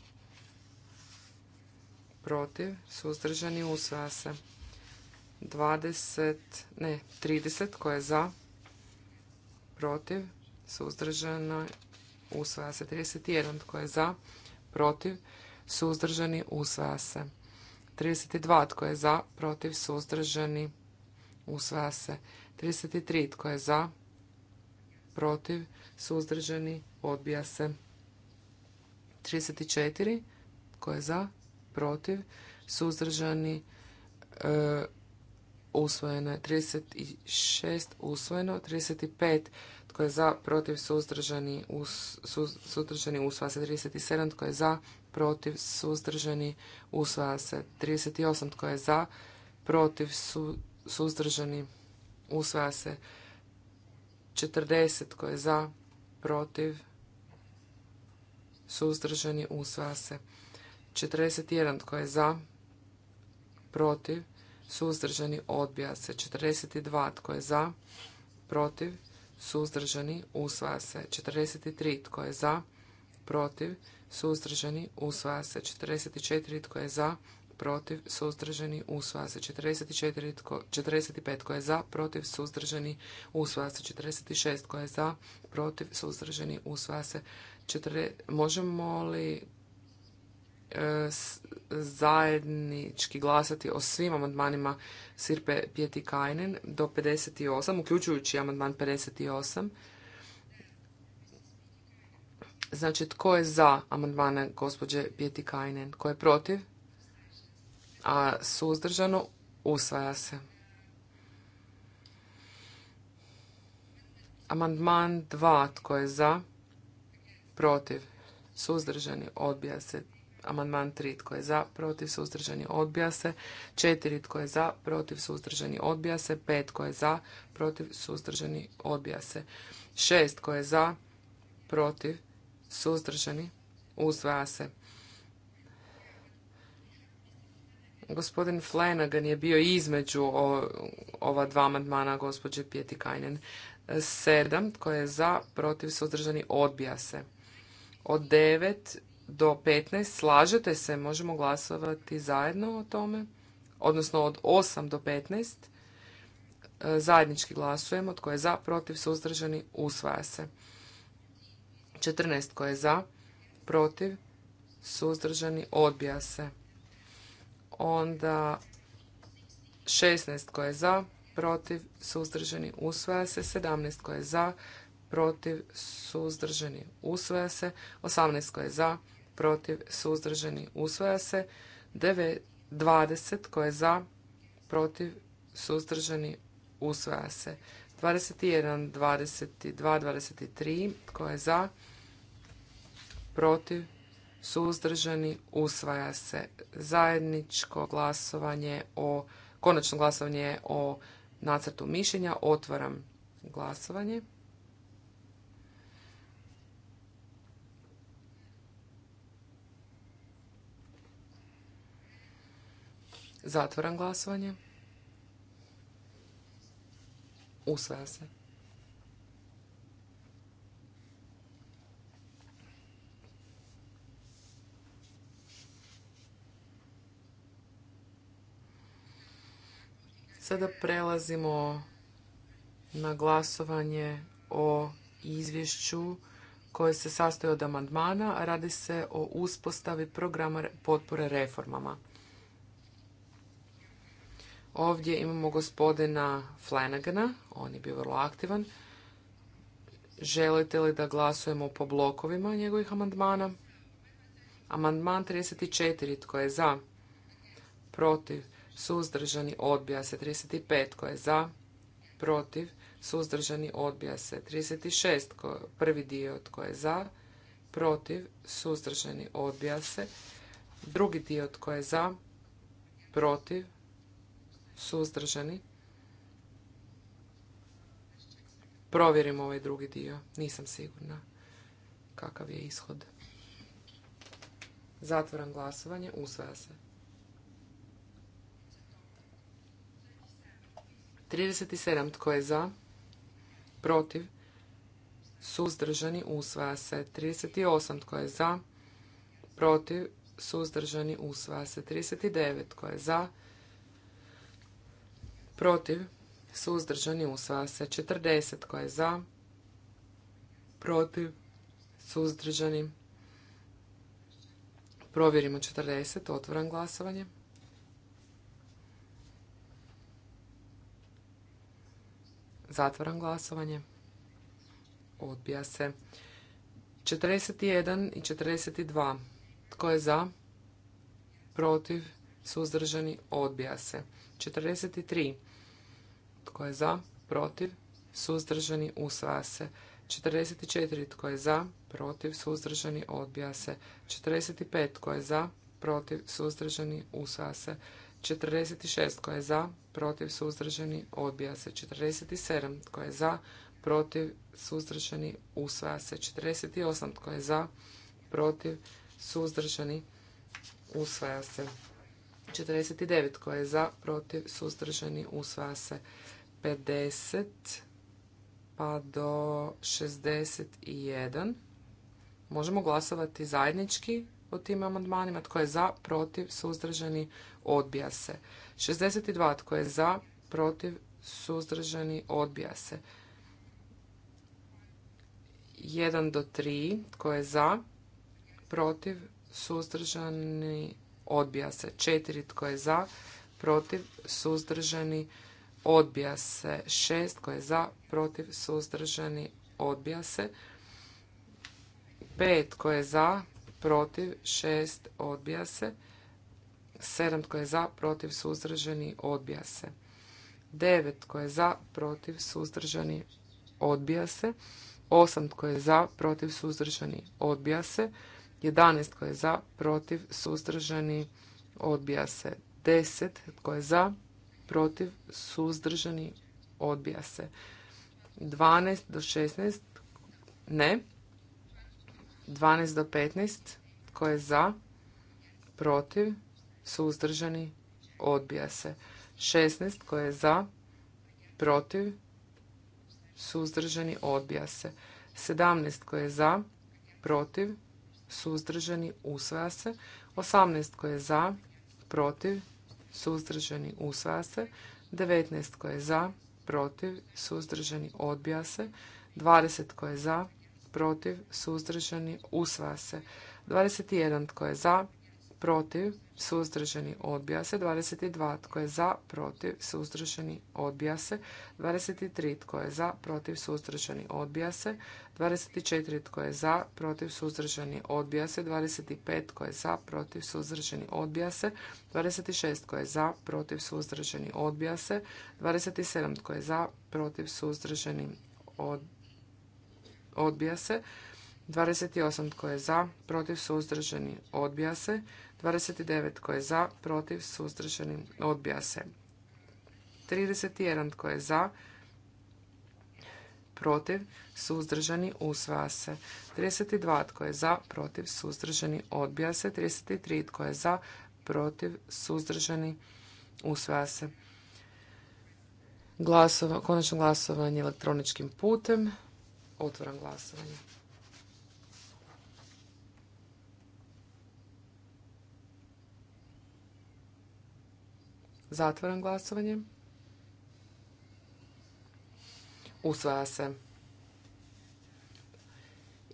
Protiv? Suzdržani? Usvaja se. 20, ne, 30. Tko je za? Protiv? suzdržano usvaja se. 31 tko je za, protiv, suzdržani, usvaja se. 32 tko je za, protiv, suzdržani, usvaja se. 33 tko je za, protiv, suzdržani, odbija se. 34 tko je za, protiv, suzdržani, e, usvojeno je 36, usvojeno 35, tko je za, protiv, suzdržani, us, suzdržani, usvaja se 37, tko je za, protiv, suzdržani, usvaja se 38, tko je za, protiv, su, suzdržani, usvaja se 40, tko je za, protiv, suzdržani, usvaja se 41, tko je za, protiv, suzdržani, odbija se. 42 tko je za, protiv, suzdržani, usvaja se. 43 tko je za, protiv, suzdržani, usvaja se. 44 tko je za, protiv, suzdržani, usvaja se 44, tko, 45 koje je za, protiv, suzdržani, usvaja se 46 tko je za, protiv, suzdržani, usvaja se 4, možemo li zajednički glasati o svim amandmanima Sirpe Pjeti Kajnen do 58, uključujući amandman 58. Znači, tko je za amandmane gospođe Pjeti Kajnen? Tko je protiv? A suzdržano usvaja se. Amandman 2. Tko je za? Protiv? Suzdržani? Odbija se. Amandman 3. Tko je za? Protiv? Suzdržani? Odbija se. 4. Tko je za? Protiv? Suzdržani? Odbija se. 5. Tko je za? Protiv? Suzdržani? Odbija se. 6. Tko je za? Protiv? Suzdržani? Usvaja se. Gospodin Flanagan je bio između ova dva amandmana gospođe Pjeti Kajnen. 7. Tko je za? Protiv? Suzdržani? Odbija se. Od 9 do 15. Slažete se, možemo glasovati zajedno o tome, odnosno od 8 do 15. E, zajednički glasujemo, tko je za, protiv, suzdržani, usvaja se. 14. Tko je za, protiv, suzdržani, odbija se. Onda 16. Tko je za, protiv, suzdržani, usvaja se. 17. Tko je za, protiv, suzdržani, usvaja se. 18 koje je za, protiv, suzdržani, usvaja se. 9.20 20 koje je za, protiv, suzdržani, usvaja se. 21, 22, 23 koje je za, protiv, suzdržani, usvaja se. Zajedničko glasovanje o, konačno glasovanje o nacrtu mišljenja, otvaram glasovanje. Zatvoram glasovanje. Usvaja se. Sada prelazimo na glasovanje o izvješću koje se sastoji od amandmana, a radi se o uspostavi programa potpore reformama. Ovdje imamo gospodina Flanagana, on je bio vrlo aktivan. Želite li da glasujemo po blokovima njegovih amandmana? Amandman 34, tko je za? Protiv, suzdržani, odbija se. 35, tko je za? Protiv, suzdržani, odbija se. 36, prvi dio, tko je za? Protiv, suzdržani, odbija se. Drugi dio, tko je za? Protiv, Suzdržani. Provjerimo ovaj drugi dio. Nisam sigurna kakav je ishod. Zatvoram glasovanje. Usvaja se. 37. Tko je za? Protiv? Suzdržani? Usvaja se. 38. Tko je za? Protiv? Suzdržani? Usvaja se. 39. Tko je za? protiv, suzdržani, usvaja se. 40 koje je za, protiv, suzdržani. Provjerimo 40, otvoram glasovanje. Zatvaram glasovanje. Odbija se. 41 i 42. Tko je za? Protiv? suzdržani, odbija se. 43. Tko je za, protiv, suzdržani, usvaja se. 44. Tko je za, protiv, suzdržani, odbija se. 45. Tko je za, protiv, suzdržani, usvaja se. 46. Tko je za, protiv, suzdržani, odbija se. 47. Tko je za, protiv, suzdržani, usvaja se. 48. Tko je za, protiv, suzdržani, usvaja se. 49 koje je za, protiv, suzdržani, usvaja se 50 pa do 61. Možemo glasovati zajednički o tim amandmanima. Tko je za, protiv, suzdržani, odbija se. 62. Tko je za, protiv, suzdržani, odbija se. 1 do 3. Tko je za, protiv, suzdržani, odbija se. 4 tko je za, protiv, suzdržani, odbija se. Šest tko je za, protiv, suzdržani, odbija se. 5 tko je za, protiv, 6 odbija se. Sedam tko je za, protiv, suzdržani, odbija se. Devet tko je za, protiv, suzdržani, odbija se. Osam tko je za, protiv, suzdržani, odbija se. 11 koje je za, protiv, suzdržani, odbija se. 10 koje je za, protiv, suzdržani, odbija se. 12 do 16 ne. 12 do 15 koje je za, protiv, suzdržani, odbija se. 16 koje je za, protiv, suzdržani, odbija se. 17 koje je za, protiv, suzdržani, usvaja se. 18 koje je za, protiv, suzdržani, usvaja se. 19 koje je za, protiv, suzdržani, odbija se. 20 koje je za, protiv, suzdržani, usvaja se. 21 koje je za, protiv, suzdržani, odbija se. 22. Tko je za, protiv, suzdržani, odbija se. 23. Tko je za, protiv, suzdržani, odbija se. 24. Tko je za, protiv, suzdržani, odbija se. 25. Tko je za, protiv, suzdržani, odbija se. 26. Tko je za, protiv, suzdržani, odbija se. 27. Tko je za, protiv, suzdržani, odbija se. 28. Tko je za, protiv, suzdržani, odbija se. 29 tko je za, protiv, suzdržani, odbija se. 31 tko je za, protiv, suzdržani, usvaja se. 32 tko je za, protiv, suzdržani, odbija se. 33 tko je za, protiv, suzdržani, usvaja se. konačno glasovanje elektroničkim putem. Otvoram glasovanje. Zatvaram glasovanje. Usvaja se.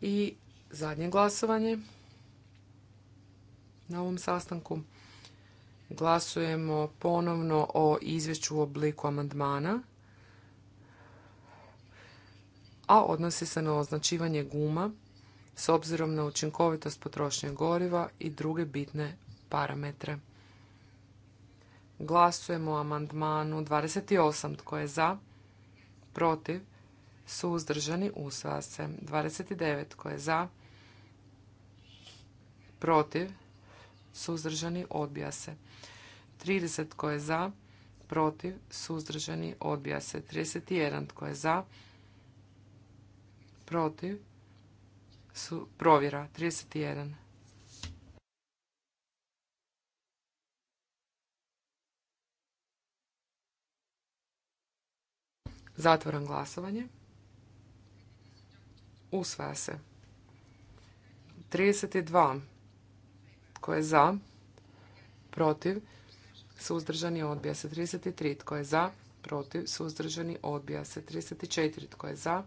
I zadnje glasovanje na ovom sastanku. Glasujemo ponovno o izvješću u obliku amandmana, a odnosi se na označivanje guma s obzirom na učinkovitost potrošnje goriva i druge bitne parametre. Glasujemo o amandmanu 28. Tko je za? Protiv? Suzdržani? Usvaja se. 29. Tko je za? Protiv? Suzdržani? Odbija se. 30. Tko je za? Protiv? Suzdržani? Odbija se. 31. Tko je za? Protiv? Su, provjera. 31. Zatvoram glasovanje. Usvaja se. 32. Tko je za? Protiv? Suzdržani odbija se. 33. Tko je za? Protiv? Suzdržani odbija se. 34. Tko je za?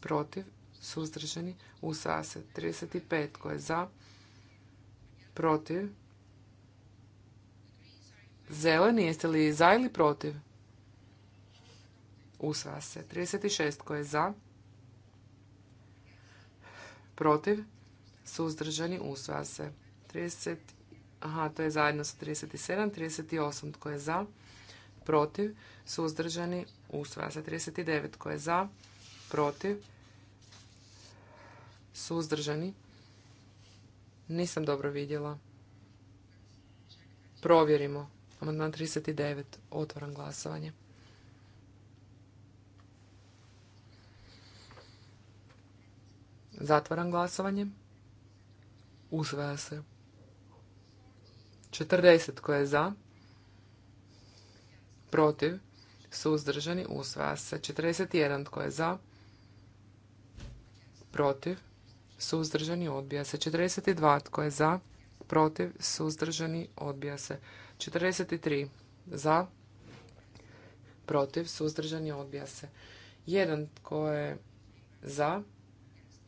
Protiv? Suzdržani usvaja se. 35. Tko je za? Protiv? Zeleni, jeste li za ili protiv? Usvaja se. 36 koje je za. Protiv. Suzdržani. Usvaja se. 30. Aha, to je zajedno sa 37. 38 tko je za. Protiv. Suzdržani. Usvaja se. 39 koje je za. Protiv. Suzdržani. Nisam dobro vidjela. Provjerimo. Amandman 39. Otvoram glasovanje. Zatvaram glasovanje. Usvaja se. 40 koje je za. Protiv. Suzdržani. Usvaja se. 41 tko je za. Protiv. Suzdržani. Odbija se. 42 tko je za. Protiv. Suzdržani. Odbija se. 43 za. Protiv. Suzdržani. Odbija se. 1 tko je za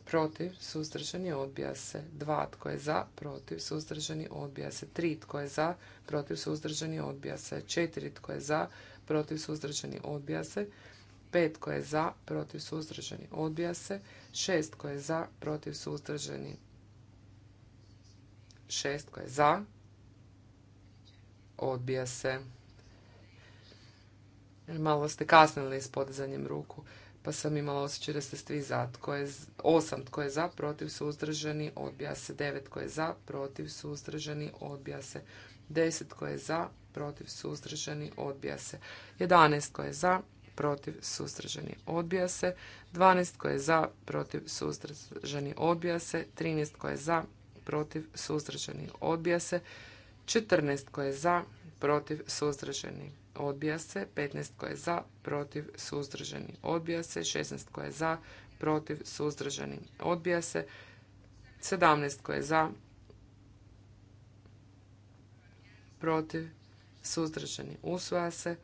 protiv, suzdržani, odbija se. 2 tko je za, protiv, suzdržani, odbija se. Tri tko je za, protiv, suzdržani, odbija se. Četiri tko je za, protiv, suzdržani, odbija se. pet tko je za, protiv, suzdržani, odbija se. Šest tko je za, protiv, suzdržani, šest tko je za, odbija se. Malo ste kasnili s podizanjem ruku pa sam imala osjećaj da ste svi za. Tko je, osam tko je za, protiv, suzdržani, odbija se. devet tko je za, protiv, suzdržani, odbija se. deset tko je za, protiv, suzdržani, odbija se. 11 tko je za, protiv, suzdržani, odbija se. 12 tko je za, protiv, suzdržani, odbija se. 13 tko je za, protiv, suzdržani, odbija se. 14 tko je za, protiv, suzdržani, odbija se, 15 koje za, protiv, suzdržani, odbija se, 16 koje za, protiv, suzdržani, odbija se, 17 koje za, protiv, suzdržani, usvaja se,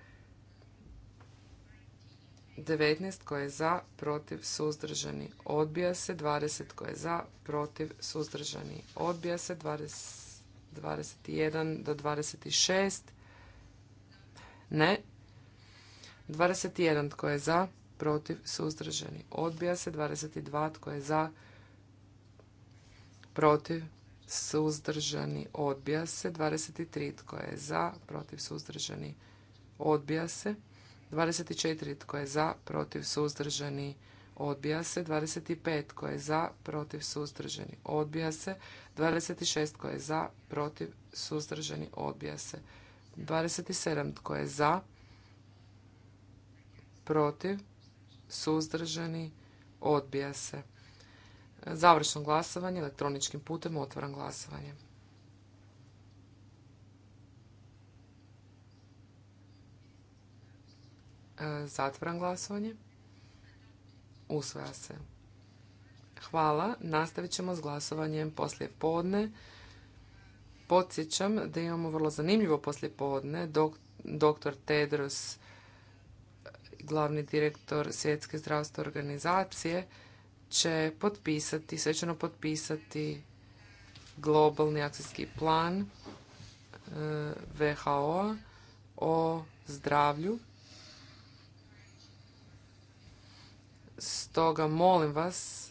19 koje za, protiv, suzdržani, odbija se, 20 koje za, protiv, suzdržani, odbija se, 20, 21 do 26 ne. 21 tko je za, protiv, suzdržani. Odbija se 22 tko je za, protiv, suzdržani. Odbija se 23 tko je za, protiv, suzdržani. Odbija se 24 tko je za, protiv, suzdržani. Odbija se 25 tko je za, protiv, suzdržani. Odbija se 26 tko je za, protiv, suzdržani. Odbija se 27. Tko je za? Protiv? Suzdržani? Odbija se. Završno glasovanje elektroničkim putem. Otvaram glasovanje. E, zatvaram glasovanje. Usvaja se. Hvala. Nastavit ćemo s glasovanjem poslije podne podsjećam da imamo vrlo zanimljivo poslijepodne. Dr. Tedros, glavni direktor Svjetske zdravstvene organizacije, će potpisati, svećano potpisati globalni akcijski plan WHO e, o zdravlju. Stoga molim vas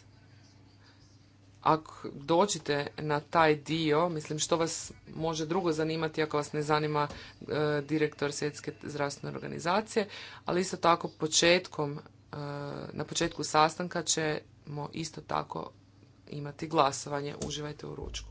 ako dođete na taj dio, mislim što vas može drugo zanimati ako vas ne zanima e, direktor svjetske zdravstvene organizacije, ali isto tako početkom, e, na početku sastanka ćemo isto tako imati glasovanje. Uživajte u ručku.